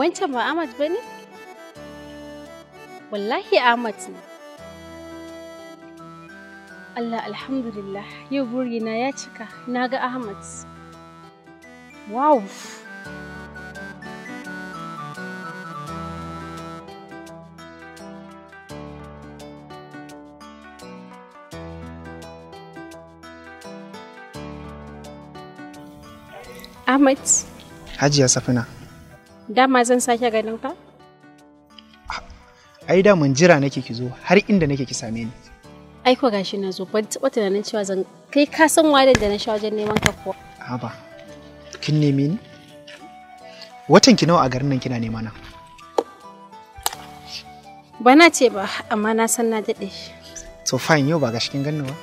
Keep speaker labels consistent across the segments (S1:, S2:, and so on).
S1: Wancan ba Ahmad ba ne? Wallahi Ahmad ne. Allah alhamdulillah yau burina ya cika na ga Ahmad. Wow! Ahmad.
S2: Hajiya Safina.
S1: Dama zan sake ganin ka?
S2: Ai da mun jira nake ki zo har inda nake ki same ni.
S1: Ai ko gashi na zo ban taɓa tunanin cewa zan kai ka san wadan da na sha wajen neman ka kuwa.
S2: Haba. Kin neme ni? Watan ki nawa a garin nan kina nema na?
S1: Ba na ce ba amma na san na daɗe.
S2: To fine yau ba gashi kin ganni ba.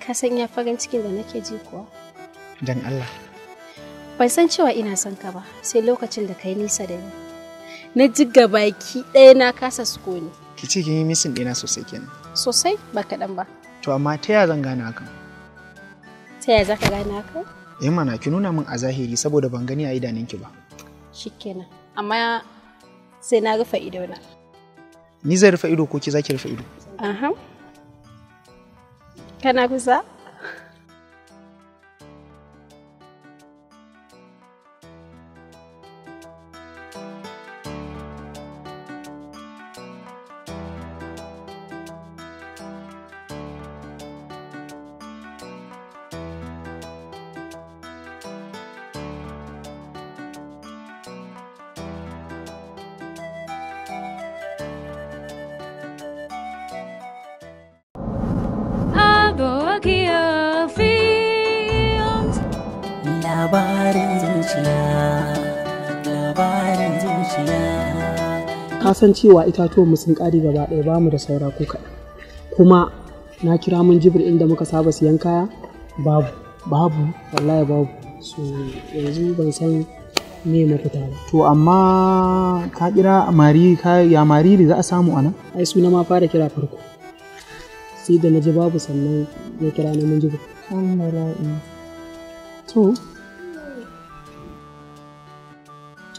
S1: Ka san ya farin cikin da nake ji kuwa. Dan Allah. ban san cewa ina son ka ba sai lokacin da kai nisa da ni na ji baki ɗaya na kasa sukoni
S2: ki ce kin yi misin ɗina sosai kenan
S1: sosai ba kaɗan ba
S2: to amma ta yaya zan gane hakan
S1: ta yaya za ka gane hakan
S2: eh mana ki nuna min a zahiri saboda ban gani a idanunki ba
S1: shikenan amma sai na rufe ido na
S2: ni zai rufe ido ko ki zaki rufe ido
S1: aha kana kusa
S2: ka san cewa itatuwan mu sun kare gaba ɗaya ba mu da saura ko kaɗan kuma na kira mun jibir inda muka saba siyan kaya babu babu wallahi babu so yanzu ban san me mafita ba to amma ka kira mari ka ya mariri za a samu anan ai suna ma fara kira farko sai da na babu sannan ya kira na mun jibir an bala'i to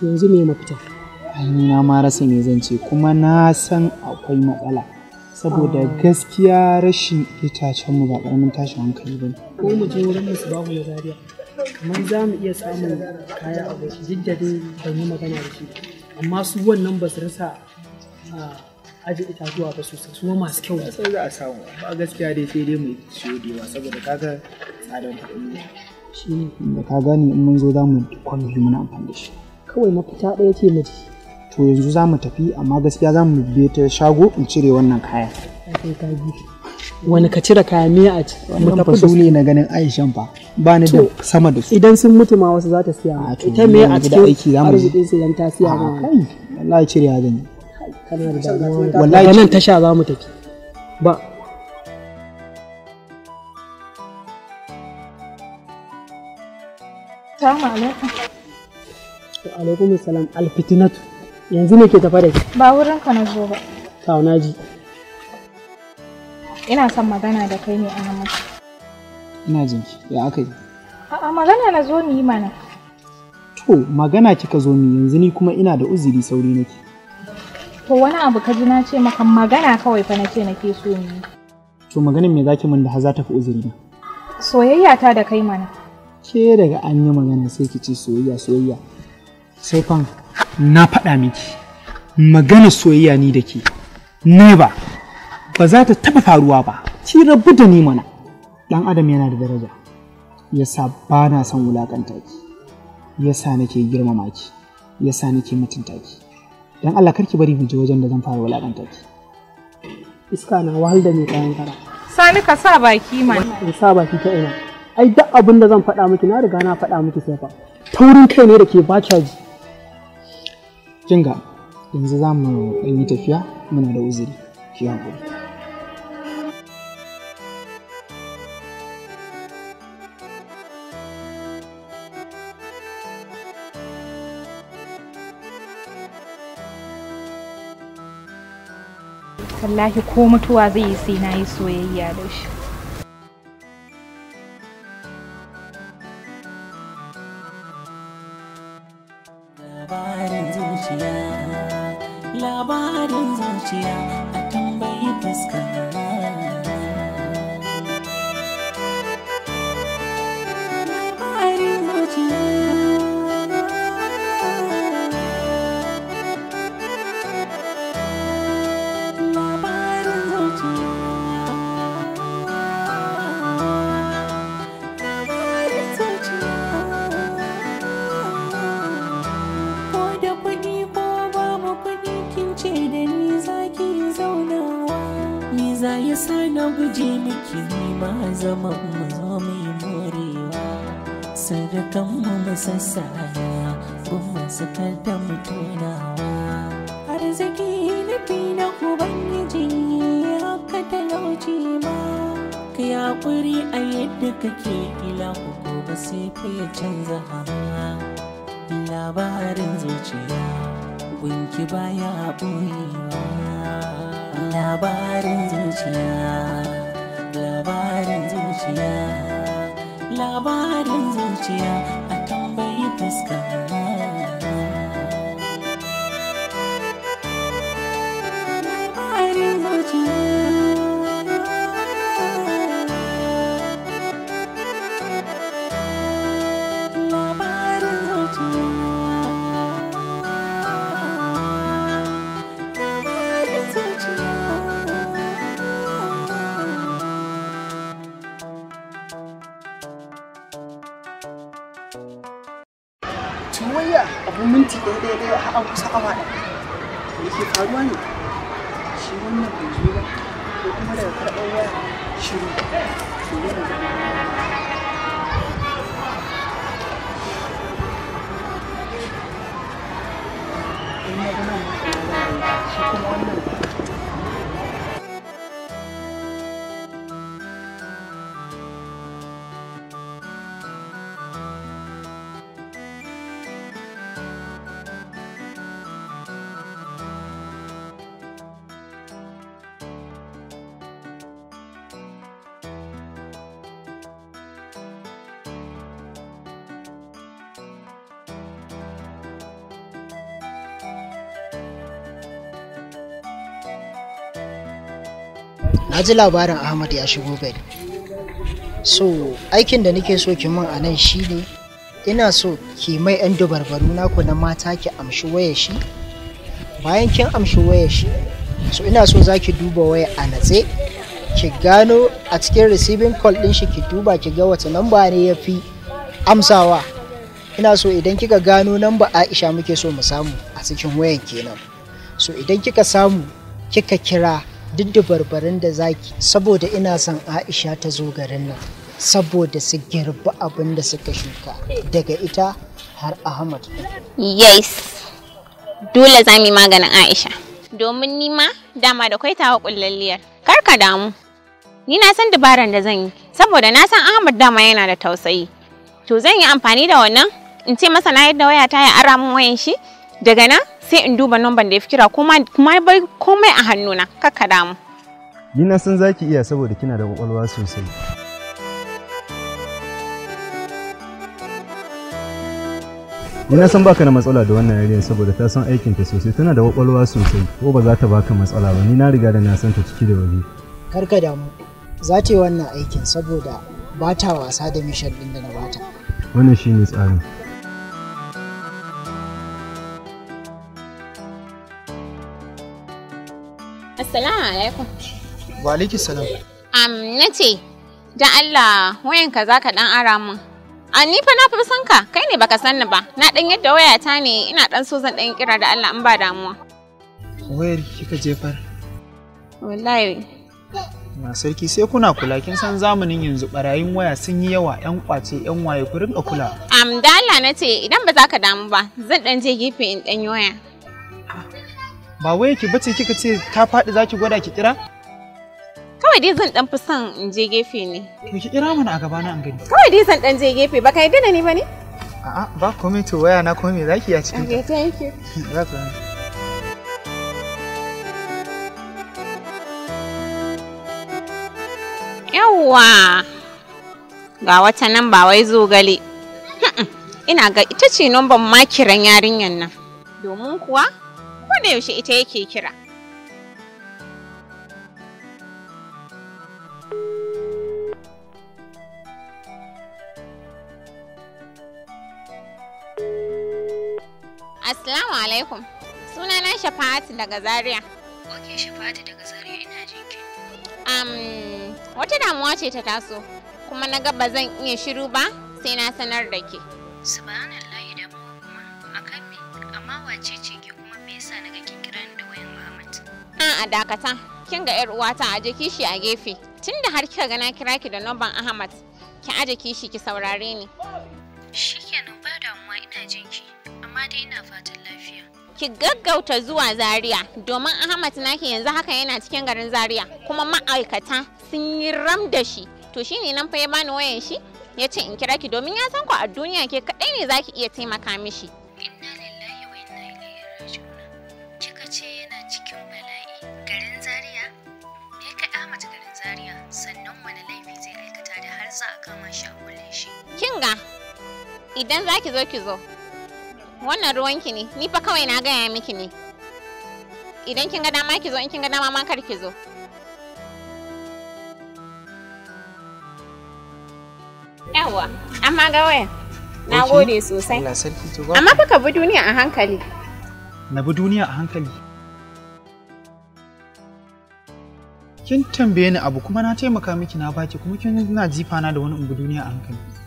S2: yanzu me mafita ni na ma rasa me zan ce kuma na san akwai matsala saboda gaskiya rashin itacen mu ba karamin tashin hankali ba ko mu je wurin musu babu ya zariya kamar za mu iya samun kaya a wasu jiddadin ban yi magana da shi amma su wannan ba su rasa aji itatuwa ba sosai su masu kyau sai za a samu ba gaskiya dai sai dai mu siyo dewa saboda kaga tsadan kuɗi shi ne da ka gane in mun zo za mu kwamfi muna amfani da shi kawai
S3: mafita ɗaya ce mu
S2: to yanzu za mu tafi amma gaskiya za mu biye ta shago in cire wannan kaya wani ka cire kaya miya a ci Wani tafi da ne na ganin aishan fa ba ni da sama da su idan sun mutu ma wasu za ta siya ah, ita me a cikin aiki za mu arzikin su idan ta siya ah, ma wallahi cire ya gani wallahi nan tasha za mu tafi
S3: ba
S4: Salamu alaikum.
S2: Wa alaikum salam alfitinatu. yanzu ne ke tafa da ke
S5: ba wurin ka na zo ba kawo na ji ina son magana da kai ne Ahmad
S2: ina jin ki ya aka yi
S5: a'a magana na zo ni mana
S2: to magana kika zo ni yanzu ni kuma ina da uzuri sauri nake
S5: to wani abu ka ji na ce maka magana kawai fa na ce nake so ni
S2: to maganin me zaki min da haza za ta fi uzuri na
S5: soyayya ta da kai mana
S2: ke daga an yi magana sai ki ce soyayya soyayya sai fan na faɗa miki magana soyayya ni da ke ne ba ba za ta taɓa faruwa ba ci rabu da ni mana ɗan adam yana da daraja yasa ba na son wulaƙanta ki yasa nake girmama ki yasa nake mutunta ki dan Allah karki bari mu je wajen da zan fara wulaƙanta ki iska na wahal da ni kayan kara
S5: sani ka sa baki man in sa baki ta ina
S2: ai duk abin da zan faɗa miki na riga na faɗa miki sai fa taurin kai ne da ke ba ji kin ga yanzu za mu yi tafiya muna da uzuri ki haƙuri
S5: wallahi ko mutuwa zai yi sai na
S6: yi soyayya da shi ji miki ma zama mu zo mai morewa sadakan mu musassaya kun masu kalta mu tunawa arziki nufi na ubangiji haka talauci ma ka yaƙuri a yadda kake ila ko ba sai fa ya canza hama labarin zuciya gunki baya ɓoyewa labarin zuciya zuciya labarin zuciya a tambayi fuska
S3: ciwayya abin minti ɗaya ɗaya ɗaya har an kusa awa ɗaya
S1: me ke faruwa ne shi wannan bai zo ba ko kuma daga karɓar waya shiru to yana
S3: na ji labarin ahmad ya shigo gari so aikin da nake so ki min a nan ne, ina so ki mai yan dubarbaru ku na mata ki amshi waya shi bayan kin amshi waya shi so ina so za ki duba waya a natse ki gano a cikin receiving call din shi ki duba ki ga wata namba ne ya fi amsawa ina so idan kika gano namba aisha muke so mu samu a cikin wayan kenan so idan kika samu kika kira duk da barbarin da zaki saboda ina son aisha ta zo garin nan saboda su girbi abin da suka shuka daga ita har ahmad
S7: yes dole za mu yi maganin aisha domin nima dama da kwai tawa kullalliyar kar ka damu ni na san dabaran da zan yi saboda na san ahmad dama yana da tausayi to zan yi amfani da wannan in ce masa na yadda wayata ya ara min wayan shi daga nan sai in duba numban da ya fi kira kuma bai komai a hannuna kakka damu
S2: ni na san ki iya saboda kina da kwakwalwa sosai ni na san baka da matsala da wannan yariyar saboda ta san aikin ta sosai tana da kwakwalwa sosai ko ba za ta baka matsala ba ni na riga da na san ta ciki da waje
S3: kar ka damu za ta yi wannan aikin saboda ba ta wasa da mishan din da na bata wannan shine tsarin
S7: Assalamu alaikum.
S2: Wa alaikum salam.
S7: Am na ce, da Allah wayanka za ka dan ara mun. A ni fa na fi san ka, kai ne baka san ni ba. Na dan yadda wayata ne ina dan so zan dan kira da Allah in ba damuwa.
S2: Wayar kika jefar?
S7: Wallahi.
S2: Na sarki sai kuna kula kin san zamanin yanzu barayin waya sun yi yawa yan kwace yan waye ku rinka kula.
S7: Am da Allah na ce idan ba za ka damu ba zan dan je gefe in dan waya.
S2: ba wai ki bace kika ce ta faɗi za ki gwada ki kira
S7: kawai dai zan dan fi son in je gefe ne to ki kira mana a gaba na an gani kawai dai zan dan je gefe ba ka yi da ni ba ne a'a
S2: ba komai to waya na komai zaki ya cikin okay thank you za ku
S7: yawwa ga wata nan ba wai zogale ina ga ita ce numban makiran yarinyan nan domin kuwa da yaushe ita yake kira. Assalamu alaikum. Suna na Shafa'atu daga Zaria.
S4: Ok, Shafa'atu daga Zaria ina jinki.
S7: Um, wata damuwa ce ta taso, kuma na ga ba zan iya shiru ba sai na sanar da ke. a dakata kin ga yar uwata aje kishi a gefe tunda har kika ga na kira ki da nomban Ahmad ki aje kishi ki saurare ni
S8: shikenan ba damuwa ina jin ki amma dai ina fatan lafiya
S7: ki gaggauta zuwa Zaria domin Ahmad naki yanzu haka yana cikin garin Zaria kuma ma'aikata sun yi ram da shi to shine nan fa ya bani wayan shi ya ce in kira ki domin ya san ku a duniya ke kaɗai ne zaki iya taimaka mishi Idan za ki zo ki zo. Wannan ruwanki ne, ni fa kawai na gaya miki ne. Idan kin ga dama ki zo, in kin ga dama ma kar ki zo. Yawa, amma ga waya. Na gode sosai. Amma fa ka bi duniya a hankali.
S2: Na bi duniya a hankali. Kin tambaye ni abu kuma na taimaka miki na baki kuma kin na jifa na da wani in bi duniya a hankali.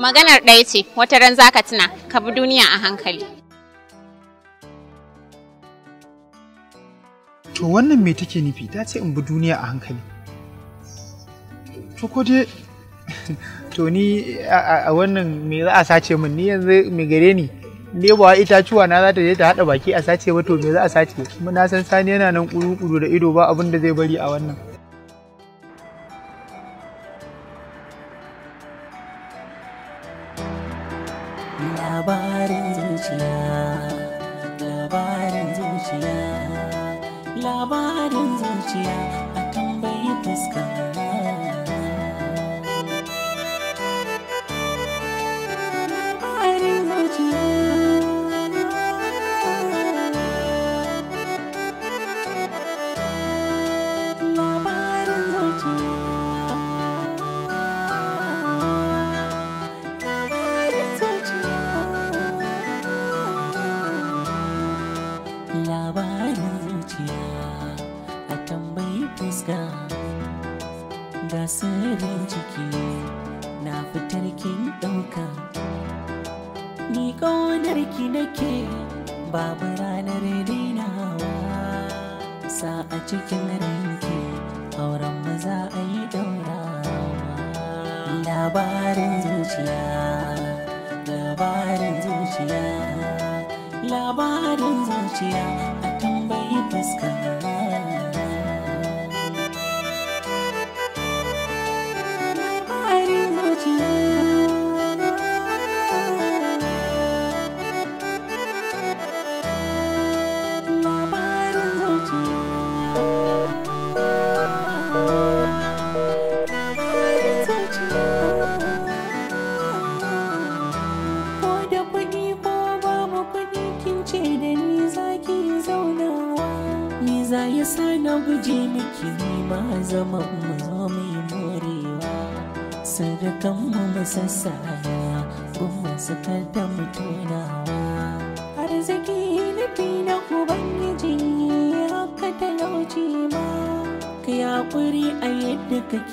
S7: Maganar ɗaya ce, wata ran za ka tuna, ka bi duniya a hankali.
S2: To wannan me take nufi ta ce in bi duniya a hankali. To ko dai to ni a wannan me za a sace min ni yanzu me gare ni ne ba itacuwa na za ta je ta haɗa baki a sace ba to me za a sace na san sani yana nan kuru-kuru da ido ba abin da zai bari a wannan.
S6: zuciya labarin zuciya labarin zuciya a tambayi fuska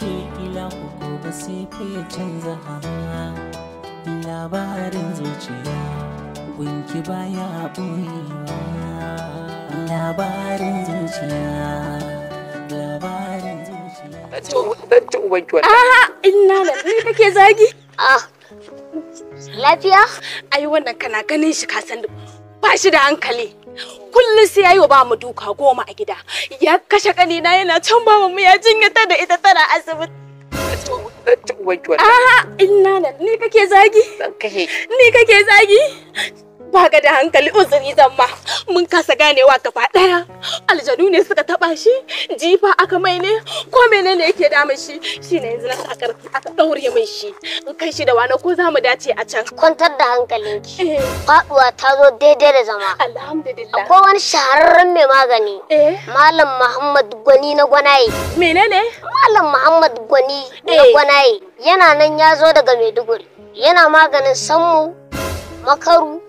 S6: ke ila ko ba sai fiye canza hawa labarin zuciya gunki baya ɓoyewa labarin zuciya
S2: labarin zuciya ɗanta ubanki wata aha
S8: ina da ni kake zagi ah lafiya ai wannan kana ganin shi ka san ba shi da hankali kullum sai ya yi wa bamu duka goma a gida ya kashe kanina yana can bamu mu ya jinyata da ita tana asibiti A'a, ina nan, ni kake zagi? Ni kake zagi? ba ka da hankali uzuri zan ma mun kasa ganewa gaba daya aljanu ne suka taba shi jifa aka mai ne ko menene yake dama shi shine yanzu na sakar aka daure mai shi in kai shi da wani ko za mu dace
S9: a can kwantar da hankalinki eh. faduwa ta zo daidai da zama alhamdulillah akwai wani shahararren mai magani eh. malam muhammad gwani na gwanaye menene malam muhammad gwani na eh. gwanaye yana nan ya zo daga maiduguri yana maganin sanmu makaru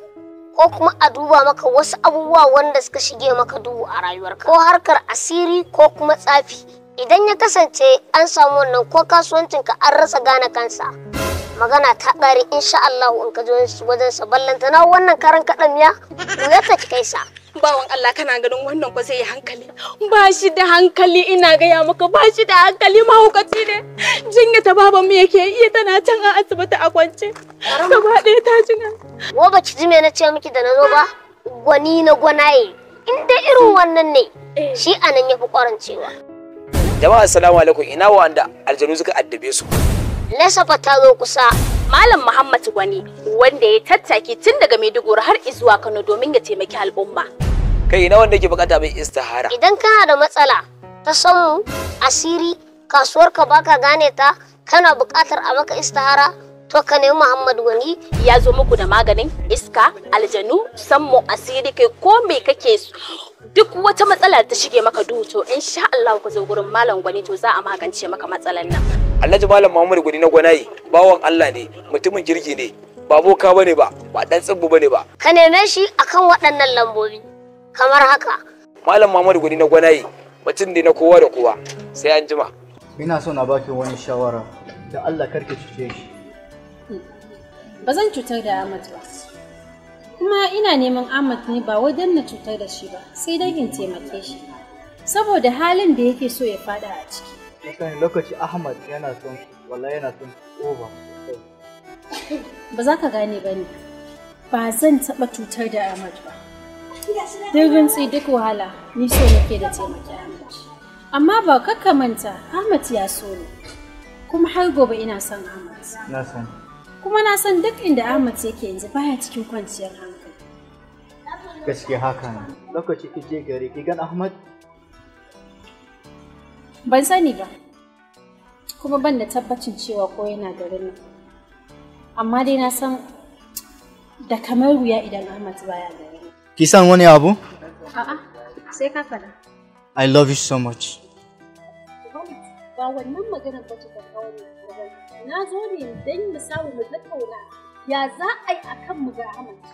S9: ko kuma a duba maka wasu abubuwa wanda suka shige maka duhu a rayuwarka ko harkar asiri ko kuma tsafi idan ya kasance an samu wannan ko kasuwancinka an rasa gane kansa magana ta ƙare insha Allah in ka zo wajen sa na wannan karan kaɗan ya ta kai sa bawan Allah kana ganin wannan ba zai yi hankali ba shi da hankali ina gaya maka ba shi da hankali mahaukaci ne jinya ta baban mu yake iya tana can a asibiti a kwance gaba ɗaya ta jina wa ba ci jime na ce miki da na zo ba gwani na gwanaye in dai irin wannan ne eh. shi anan yafi kwarancewa
S10: jama'a assalamu alaikum ina wanda aljanu suka addabe su
S9: lasafa fa ta zo kusa Malam Muhammad
S8: Gwani wanda ya tattaki tun daga Maiduguri har izuwa Kano domin ya taimaki al'umma. kai ina wanda yake bukata mai istihara
S9: idan kana da matsala ta samu asiri kasuwar ka baka gane ta kana bukatar a maka istihara to ka nemi Muhammad Wani ya zo muku da maganin iska aljanu sammo asiri kai ko me kake
S8: duk wata matsala ta shige maka duhu to insha Allah ku zo gurin malam Gwani to za a
S9: magance maka matsalan nan
S10: Alhaji Malam Muhammad Gwani na Gwanayi bawan Allah ne mutumin jirgi ne ba boka bane ba ba dan tsibbu bane ba
S9: ka neme shi akan waɗannan lambobi kamar haka
S10: malam Muhammadu gudi na gwanaye mutum ne na kowa da kowa sai an jima
S11: ina so na baki wani shawara da Allah karki cuce shi
S1: ba zan cutar da Ahmad ba kuma ina neman Ahmad ne ba wai dan na cutar da shi ba sai dan in taimake shi saboda halin da yake so ya fada a ciki
S11: kan lokaci Ahmad yana son wallahi yana son over
S1: ba za ka gane ba ne ba zan taɓa cutar da Ahmad ba Dirgin rintsi duk wahala, ni so nake da taimaki Ahmad. Amma ba kakka manta, Ahmad ya so ni. Kuma har gobe ina son Ahmad. Na san. Kuma na san duk inda Ahmad yake yanzu baya cikin kwanciyar hankali.
S11: Gaskiya haka ne. Lokaci ki je gari ki gan Ahmad?
S1: Ban sani ba. Kuma ban da tabbacin cewa ko yana garin nan. Amma dai na san da kamar wuya idan Ahmad baya gari.
S11: Ki san wani abu?
S1: A'a, sai ka faɗa.
S11: I love you so much.
S1: Ba wannan maganar ba ta kawo ne. Na zo ne don mu samu mu tattauna ya za a yi akan mu ga amince.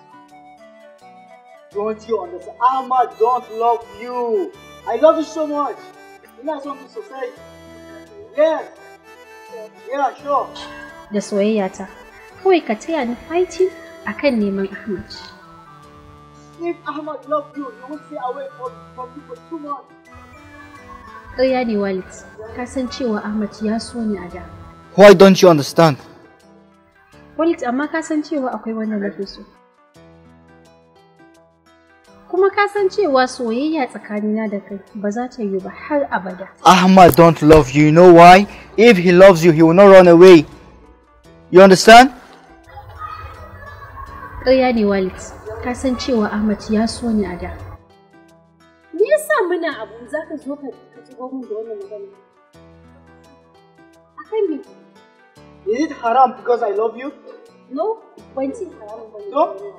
S11: Don't you understand? Ama don't love you. I love you so much. Ina son to sosai. Yes. Yeah, sure.
S1: Da soyayya ta. Kawai ka taya ni fighting akan neman Ahmad.
S11: If Ahmad loved you, you
S1: would stay away from, from for two months. Ƙarya ne Walid, ka san cewa Ahmad ya so ni a da.
S11: Why don't you understand?
S1: Walid, amma ka san cewa akwai wanda na fi so. Kuma ka san cewa soyayya tsakanina da kai ba za ta yi ba har abada.
S11: Ahmad don't love you, you know why? If he loves you, he will not run away. You understand?
S1: Ƙarya ne Walid. ka san cewa Ahmad ya so ni a da. Me yasa muna abu za ka zo ka zubo min da wannan magana? kan me? Is it haram because I love you? No, ban ci haram ba. To?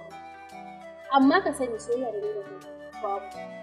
S1: Amma ka sani soyayya da ni da babu.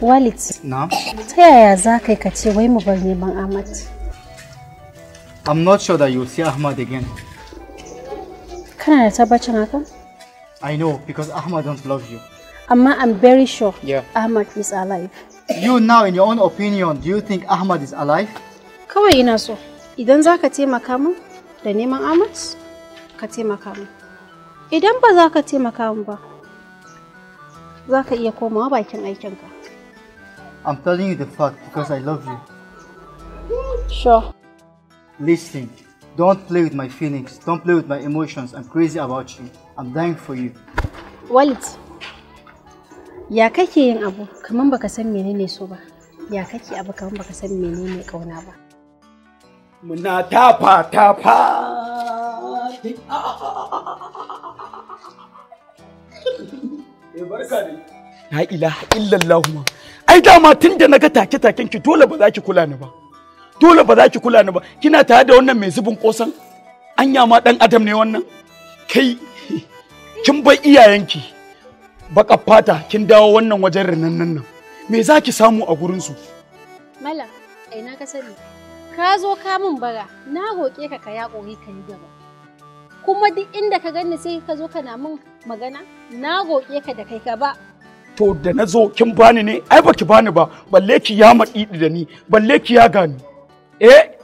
S1: Walid. Na? Ta yaya za kai ka ce wai mu bar neman Ahmad?
S11: I'm not sure that you'll see Ahmad again.
S1: Kana da tabbacin haka?
S11: I know because Ahmad don't love you.
S1: Amma I'm very sure yeah. Ahmad is alive.
S11: You now in your own opinion, do you think Ahmad is alive?
S1: Kawai ina so. Idan za ka taimaka mu da neman Ahmad, ka taimaka mu. Idan ba za ka taimaka mu ba, za ka iya komawa bakin aikinka.
S11: I'm telling you the fact because I love you. Sure. Listen, don't play with my feelings, don't play with my emotions. I'm crazy about you. I'm dying for you.
S1: Walid, ya kake yin abu kamar baka san menene so ba, ya kake abu kamar baka san menene kauna ba.
S6: Muna tafa tafa.
S2: Eh, La ilaha illallah ma. Ai dama tun da naga take taken ki dole ba za ki kula ni ba. Dole ba za ki kula ni ba. Kina tare da wannan mai zubin kosan? Anya ma dan adam ne wannan? Kai kin bar iyayenki. Baka fata kin dawo wannan wajen rinannan nan. Me za ki samu a gurin su?
S1: Mala, ai na ka sani. Ka zo ka min bara, na roƙe ka ka ya ƙori ka yi gaba. Kuma duk inda ka ganni sai ka zo kana min magana na goke ka da kai ka ba
S10: to da na zo
S2: kin bani ne ai baki bani ba balle ki ya maɗiɗi da ni balle ki ya gani eh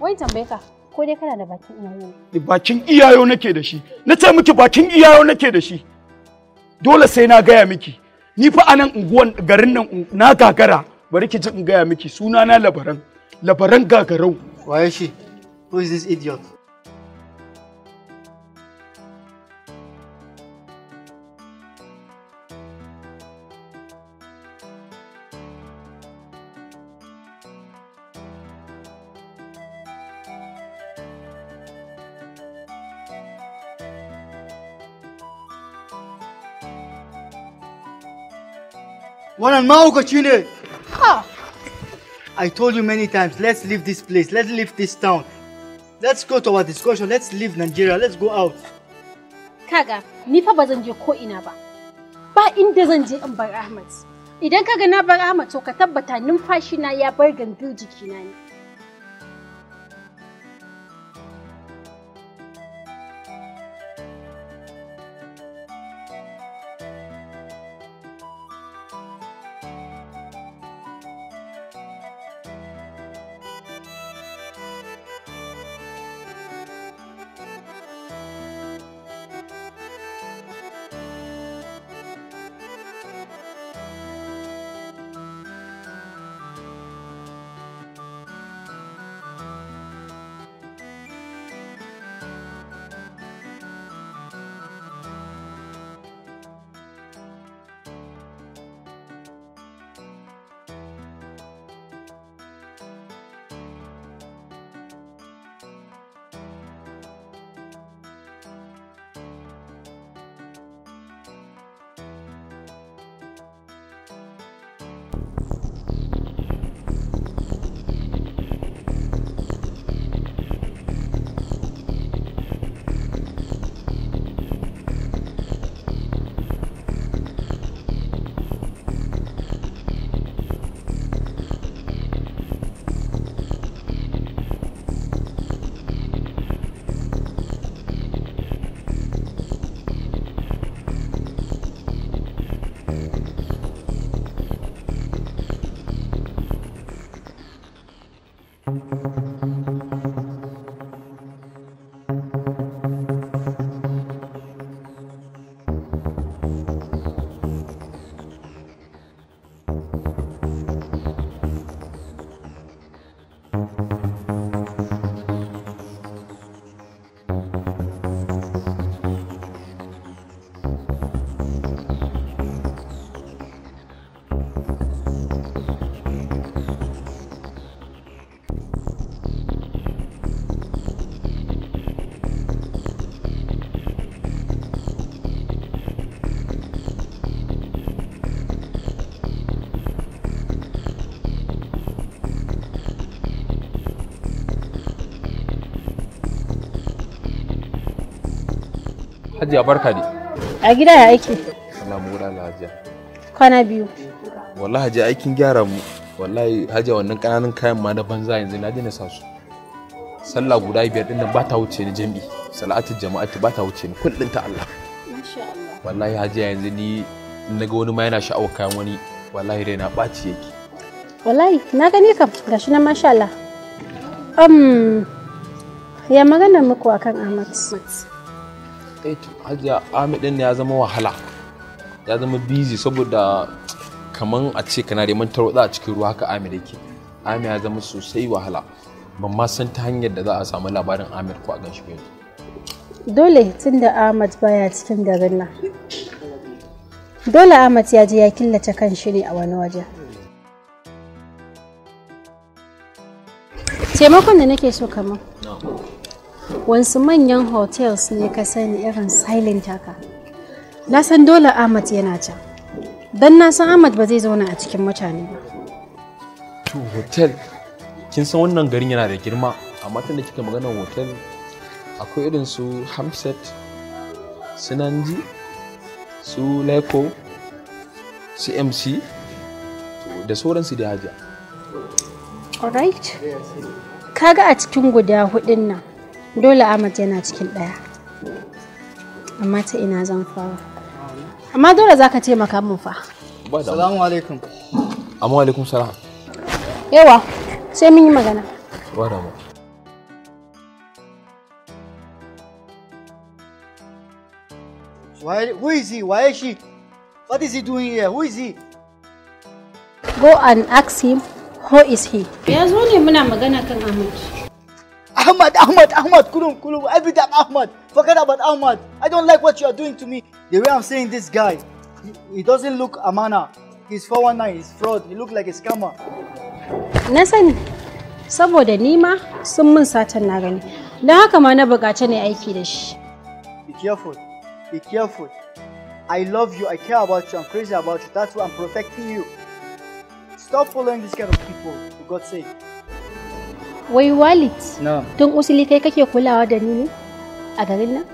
S1: wai tambaye ka ko dai kana da bakin iyayo
S2: ne bakin iyayo nake da shi na ce miki bakin iyayo nake da shi dole sai na gaya miki ni fa anan unguwan garin nan na gagara bari ki ji in gaya miki suna na labaran labaran gagarau waye shi who is this idiot
S11: Wannan mahaukaci ne! Ha! I told you many times, let's leave this place, let's leave this town. Let's go to our discussion, let's leave Nigeria, let's go out.
S1: Kaga, ni fa ba zan je ko ina ba. Ba inda zan je in bar Ahmad. Idan kaga na bar Ahmad to ka tabbata numfashi na ya bar gangil jikina ne.
S10: Hajiya barka ne. A gida ya aiki. Ana mura Hajiya. Kwana biyu. Wallahi Hajiya aikin gyara mu. Wallahi Hajiya wannan kananan kayan ma na banza yanzu na je na sa su. Sallah guda biyar din nan ba ta wuce ni jami'i. Salatu jama'atu ba ta wuce ni kullun ta Allah.
S1: Insha Allah.
S10: Wallahi Hajiya yanzu ni na ga wani ma yana sha'awar kayan wani wallahi na ɓaci yake.
S1: Wallahi na gani kam gashi nan masha Allah. Um, ya magana muku akan Ahmad.
S10: hajiya ahmed din ya zama wahala ya zama busy saboda kaman a ce kana neman tarwatsa a cikin ruwa haka amir yake amir ya zama sosai wahala ban ma san ta hanyar da za a samu labarin amir ko a gan shi yanzu
S1: dole tun da ahmad baya cikin garin nan dole ahmad ya je ya killace kan shi ne a wani waje taimakon da nake so kamar wasu manyan hotels ne ka sani irin silent haka na san dole ahmad yana can don na san ahmad ba zai zauna a cikin mutane ba
S10: to hotel kin san wannan garin yana da girma amma tun da kika magana hotel akwai irin su hamset su nanji su leko su mc da sauransu da hajiya
S1: alright kaga a cikin guda hudun nan dole Ahmad yana cikin ɗaya amma ta ina zan fara amma dole za ka taimaka min fa salamu alaikum
S10: amma alaikum salam
S1: yawa sai mun yi magana
S10: ba
S11: Why, who is he? Why is she? What is he doing here? Who is he?
S1: Go and ask him, who is he? Ya zo ne muna magana kan Ahmad. Ahmad, Ahmad, Ahmad, Kulum, Kulum, every time Ahmad. Forget about
S11: Ahmad. I don't like what you are doing to me. The way I'm saying this guy, he, he doesn't look Amana. He's 419, he's fraud, he looks like a scammer.
S1: Na sani, saboda nima sun mun satan na gani. Don haka ma na bukaci ne aiki da shi.
S11: Be careful, be careful. I love you, I care about you, I'm crazy about you. That's why I'm protecting you. Stop following this kind of people, for God's sake.
S1: Wai Walid, tun usili kai kake kulawa da ni a garin nan?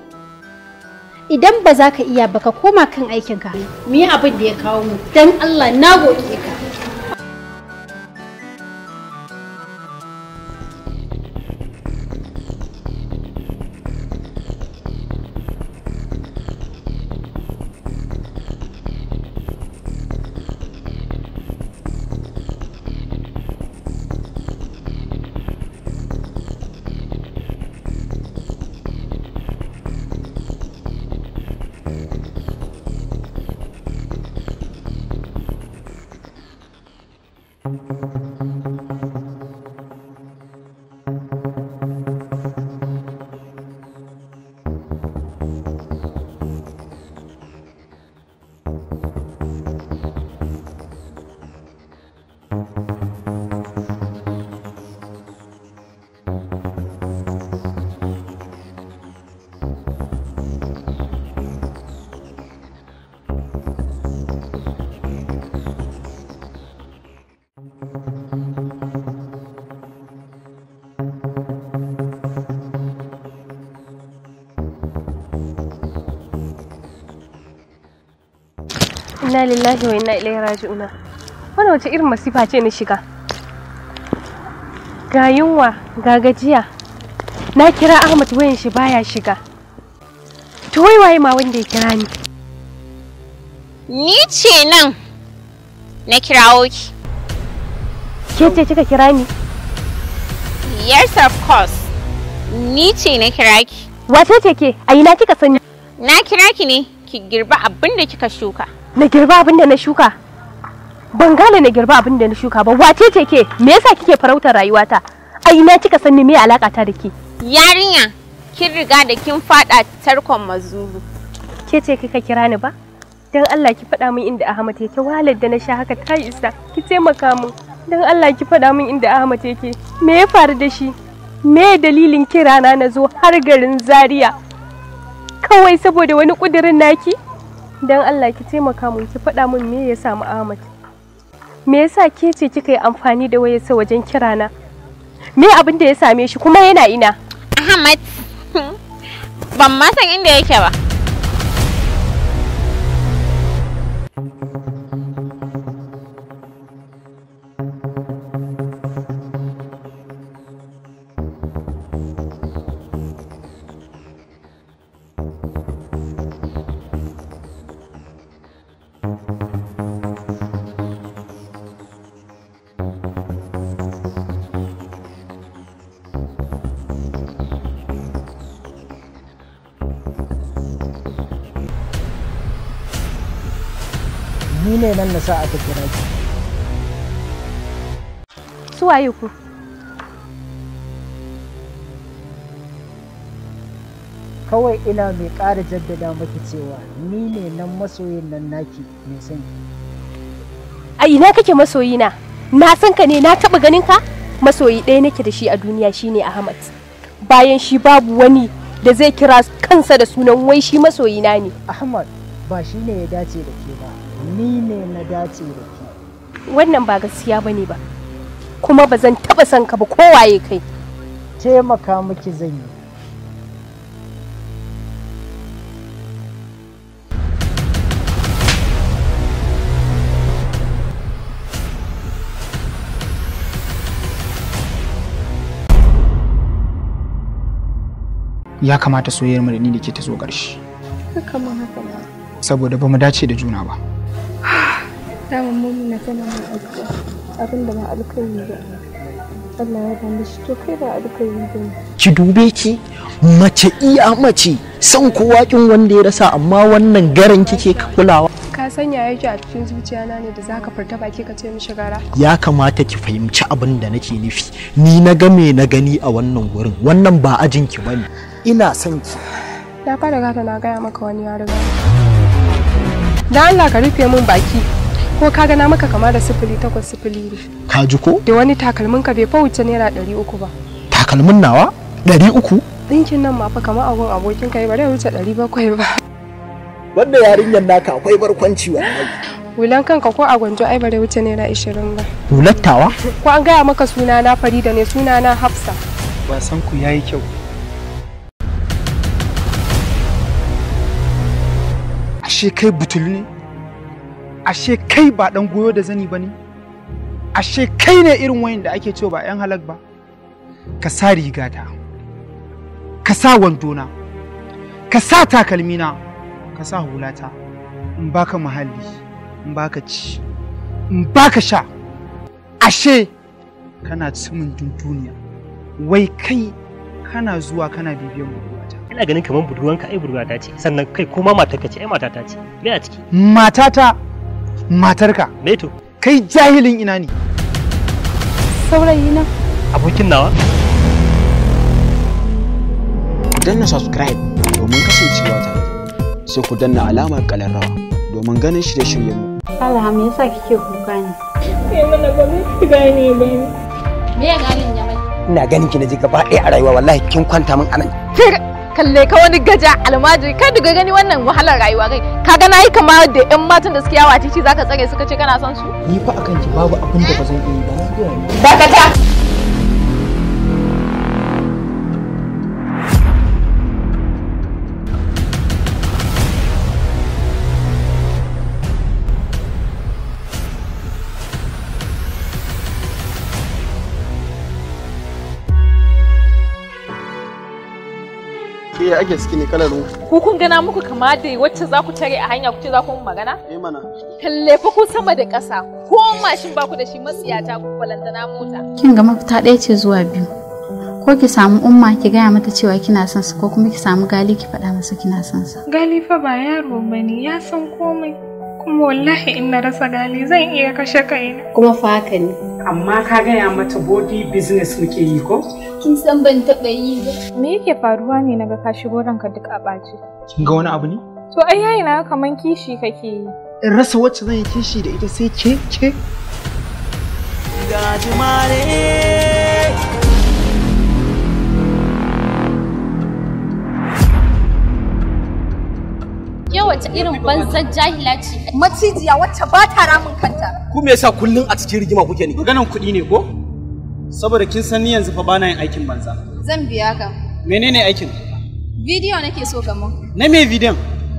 S1: Idan ba za ka iya baka koma kan aikinka, me abin da ya kawo mu, don Allah na goge ka.
S5: inna lillahi wa inna ilaihi raji'una wannan wace irin masifa ce na shiga ga yunwa ga gajiya na kira ahmad wayan shi baya shiga to wai waye ma wanda ya kira ni
S7: ni ce nan na kirawo ki
S5: ke ce kika kira ni
S7: yes of course ni ce na kira ki
S5: wace ce ke a ina kika sani
S7: na kira ki ne ki girba abin da kika shuka
S5: na girba abin da na shuka ban gane na girba abin da na shuka ba wace ce ke me yasa kike farautar rayuwata ai na kika san ni me alaka ta da ke
S7: yarinya kin riga da kin fada tarkon
S5: mazuru ke ce kika kira ni ba dan Allah ki faɗa min inda Ahmad yake wahalar da na sha haka ta isa ki taimaka min dan Allah ki faɗa min inda Ahmad yake me ya faru da shi me dalilin kirana na zo har garin Zaria kawai saboda wani kudirin naki don Allah ki taimaka mun ki faɗa mun me ya samu Ahmad me yasa ke ce kika yi amfani da wayarsa wajen kira na? me abin da ya same shi kuma yana ina
S7: Ahmad ban ma san inda yake ba
S3: ni ne nan na sa aka kira ki su waye ku kawai ina mai ƙara jaddada maki cewa ni ne nan masoyin nan naki mai son
S5: a ina kake masoyina na san ka ne na taɓa ganin ka masoyi ɗaya nake da shi a duniya shine ahmad bayan shi babu wani da zai kira kansa da sunan wai shi masoyina ne ahmad ba shine ya dace da ke ba ni ne na dace da ke wannan ba gaskiya bane ba kuma bazan zan taba son ka ba kowaye
S3: kai taimaka miki zan yi
S2: ya kamata soyayyar mu da ni da ke ta zo ƙarshe. Saboda ba mu dace da juna ba.
S5: daman na kana aiki abin da ba alkhairi ba Allah ya ba shi to kai ba alkhairi ba
S3: ki dube ki mace iya mace san kowa kin wanda ya rasa amma wannan garan kike kulawa
S5: ka sanya yake a cikin zuciyana ne da zaka furta baki ka ce mishi gara
S3: ya kamata ki fahimci abin da nake nufi ni na ga me
S2: na gani a wannan wurin, wannan ba ajin ki bane ina son ki
S5: ya fara gata na gaya maka wani ya riga da Allah ka rufe min baki ko ka gana maka kama da sifili takwas sifili ne ka ji ko da wani takalmin ka bai fa wuce naira ɗari uku ba
S2: takalmin nawa ɗari uku
S5: ɗinkin nan ma fa kama agon abokin ka bari ya wuce ɗari bakwai ba
S2: wanda yarinyar naka akwai barkwanci
S5: wallahi hulan kanka ko a gwanjo ai bare wuce naira ishirin ba hulattawa ko an gaya maka suna na farida ne suna na hafsa
S2: wasan ku yayi kyau ashe kai butul ne ashe kai ba dan goyo da zani ba ne ashe kai ne irin wayan da ake cewa ba 'yan halak ba ka sa rigata ka sa wandona ka sa takalmina ka sa hulata in baka muhalli in baka ci in baka sha ashe kana cimin duniya wai kai kana zuwa kana bibiyan budurwata ina ganin kamar budurwanka ai budurwata ce
S5: sannan kai ko ma matarka ce ai matata ce
S2: me a ciki matata matarka Ne to kai jahilin ina ne saurayi na
S10: abokin nawa ku danna subscribe domin kasancewa
S2: tare sai ku danna alamar kalarrawa domin ganin shirye mu.
S1: Allah me yasa kike kuka ne
S8: sai mana
S6: ba mu gane ba
S1: me ya ganin ya
S5: ina ganin ki na ji gaba ɗaya a rayuwa wallahi kin kwanta min anan
S8: kalle ka wani gaja almajiri kai daga gani wannan wahalar rayuwa kai ka ga nayi kama da yan matan da suke yawa titi zaka tsare suka ce kana son su
S2: ni fa akan ki babu abin da ba zan iya ba
S3: na ga dakata
S2: ake ciki ne kalar mu.
S5: Ku kun
S8: gana muku kama da wacce za ku tare a hanya ku ce za ku magana? Eh mana. Kalle fa ku sama da ƙasa ko mashin ba ku da shi matsiyata ku kwalandana mota. Kin
S1: ga mafita ɗaya ce zuwa biyu. Ko ki samu umma ki gaya mata cewa kina son sa ko kuma ki samu gali ki faɗa masa kina son sa.
S5: Gali fa ba yaro bane ya san komai. kuma wallahi in na rasa gane zan
S1: iya kashe kaina. Kuma fa haka ne. Amma ka gaya mata body business muke yi ko?
S5: Kin san ban taɓa yi ba. Me yake faruwa ne naga ka shigo ranka duk a ɓaci?
S1: Kin
S2: ga wani abu ne?
S5: To ai yayi na kaman kishi kake yi.
S2: In rasa wacce zan yi kishi da ita sai ke
S3: ke.
S6: Gajimare.
S8: Ke wace irin banzan jahila ce? Macijiya wacce ba ta ramin kanta.
S2: Ku me yasa kullun a cikin rigima kuke ne? Maganan kuɗi ne ko? Saboda kin san ni yanzu fa bana yin aikin banza. Zan biya ka. Menene aikin?
S8: Video nake so ga Na me bidiyon?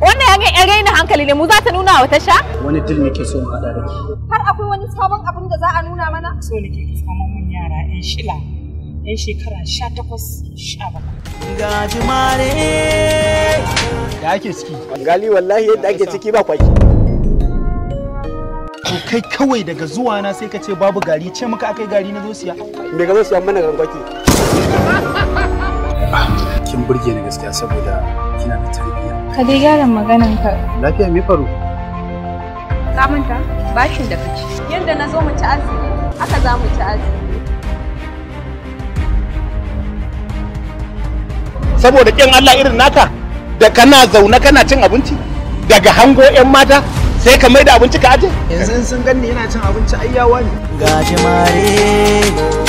S8: Wannan ya ga yan raina hankali ne mu za ta nuna wa tasha?
S2: Wani til nake so mu haɗa da
S8: Har akwai wani sabon abin da za a nuna mana? So nake ke samu mun yara in shila. ɗan
S4: shekara sha takwas sha bakwai. Ga jimare.
S2: Da ake ciki. Gali wallahi yadda ake ciki ba kwaki. kai kawai daga zuwa na sai ka ce babu gari ce maka akai gari na zosiya.
S10: Me ka zosiya siya mana kwaki. Kin burge ni gaskiya saboda kina da tarbiyya.
S5: Ka dai gyara maganan ka. Lafiya me faru? Ka manta bashin da
S8: kace. Yanda na zo mu ci azumi, haka za mu ci azumi.
S2: saboda kin Allah irin naka da kana zaune kana cin abinci daga hango 'yan mata sai ka mai da abinci ka aje yanzu sun ganni yana cin abinci ayyawa ne
S6: mare.